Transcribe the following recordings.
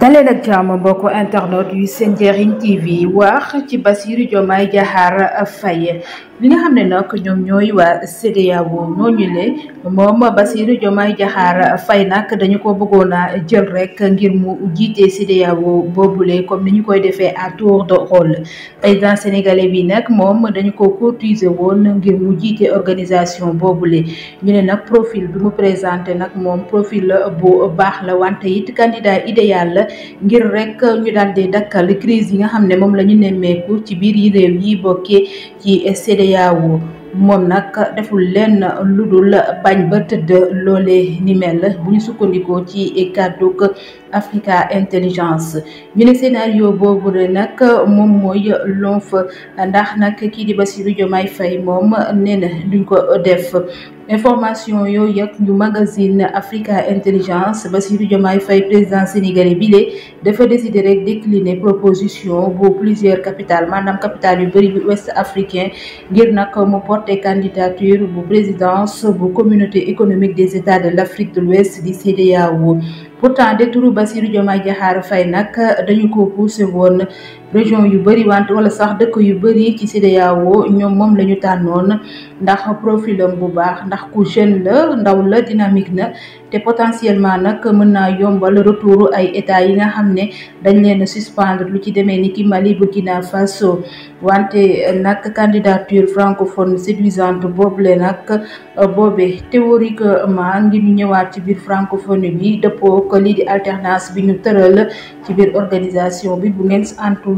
daleen ak jàmm mbokk internet yu seen njëriñ TV wax ci Bassirou Diomaye Diakhar fay li nga xam ne nag ñoom ñooy wa waa CEDEAO ñooñu le moom Bassirou Diomaye Diakhar fay nag dañu ko bëggoon a jël rek ngir mu jiite CEDEAO boobule comme ni ñu koy defee à tour de rôle président sénégalais bi nag moom dañu ko courtiser woon ngir mu jiite organisation boobule ñu ne nag profil bi présenté nag moom profil bu baax la wante it candidat idéal la ngir rekk ñu daal di dakkal crise yi nga xam ne moom la ñu nemmeeku ci biir yi réew yi bokkee ci CEDEAO moom nag deful lenn lu dul bañ ba tëdd loolee ni mel bu ñu sukkandikoo ci kàddug Africa Intelligence ñu ne scénario boobu de nag moom mooy lonf ndax nag kii di Bassirou Diomaye Faye moom nee na duñ ko def information yo yak ñu magazine Africa Intelligence Bassirou Diomaye Faye président sénégalais bile a décidé rek décliner proposition pour plusieurs capitales manam capitale du Brésil ouest africain ngir nak mo porter candidature bu présidence bu communauté économique des états de l'Afrique de l'Ouest di CEDEAO pourtant de turu Bassirou Diomaye Diakhar Faye nak dañu ko région yu bëri wante wala sax dëkk yu bëri ci CEDEAO ñoom moom la ñu tànnoon ndax profilam bu baax ndax ku jeune la ndaw la dynamique na te potentiellement nag mën naa yombal retour ay état yi nga xam ne dañ leen suspendre lu ci demee ni ki Mali Burkina Faso wante nag candidature francophone séduisante boobule nag boobe théoriquement ngir ñu ñëwaat ci biir francophonie bi dëppoo ko lii di alternance bi ñu tëral ci biir organisation bi bu ngeen antu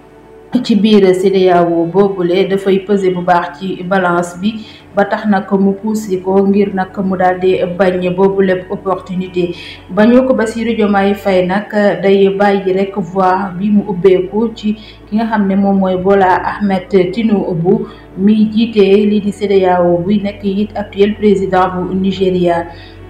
ci biir CEDEAO boobule dafay pesé bu baax ci balance bi ba tax nag mu poussé ko ngir nag mu daal di bañ boobu le opportunité bañoo ko ba Bassirou Diomaye fay nag day bàyyi rek voir bi mu ubbeeku ci ki nga xam ne moom mooy boola Bola Ahmed Tinubu mi jiite lii di CEDEAO buy nekk it actuel président bu Nigéria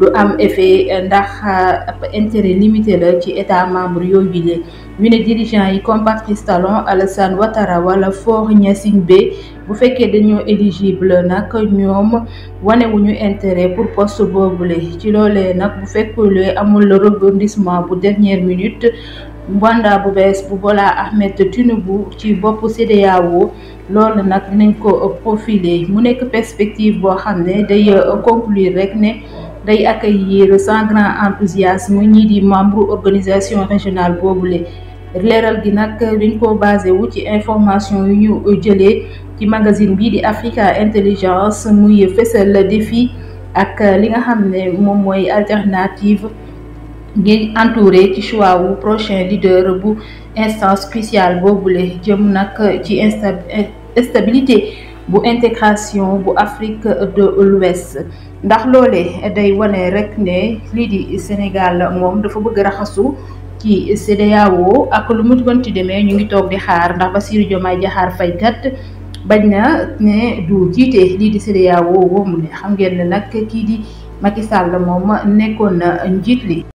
du am effet ndax euh, intérêt limité la ci état membre yooyu le ñu ne dirigeant yi comme Patrice Alassane watara wala Faure Gnassingbé bu fekkee dañoo éligible nag ñoom wanewuñu intérêt pour poste boobule ci loolee nag bu fekkulee amul le rebondissement bu dernière minute mbanda bu bees bu Bola Ahmed Tinubu ci bopp CEDEAO loolu nag dinañ ko profilé mu nekk perspective boo xam ne day euh, conclure rek ne day accueillir sans grand enthousiasme ñi di membres organisation régionale boobule leeral gi nak liñ ko basé wu ci information yu ñu qui ci magazine bi di Africa Intelligence muy le défi ak li nga xamné mom moy alternative ngi entouré ci choix wu prochain leader bu instance spéciale boobule jëm nak ci stabilité bu intégration bu Afrique de l'Ouest ndax loolee day wane rek ne lii di Sénégal moom dafa bëgg raxasu ci CEDEAO ak lu mu ci demee ñu ngi toog di xaar ndax ba Bassirou Diomaye Diakhar Faye kat bañ na ne du jiite lii di CEDEAO woo mu xam ngeen ne nag kii di Macky Sall moom nekkoon na njiit li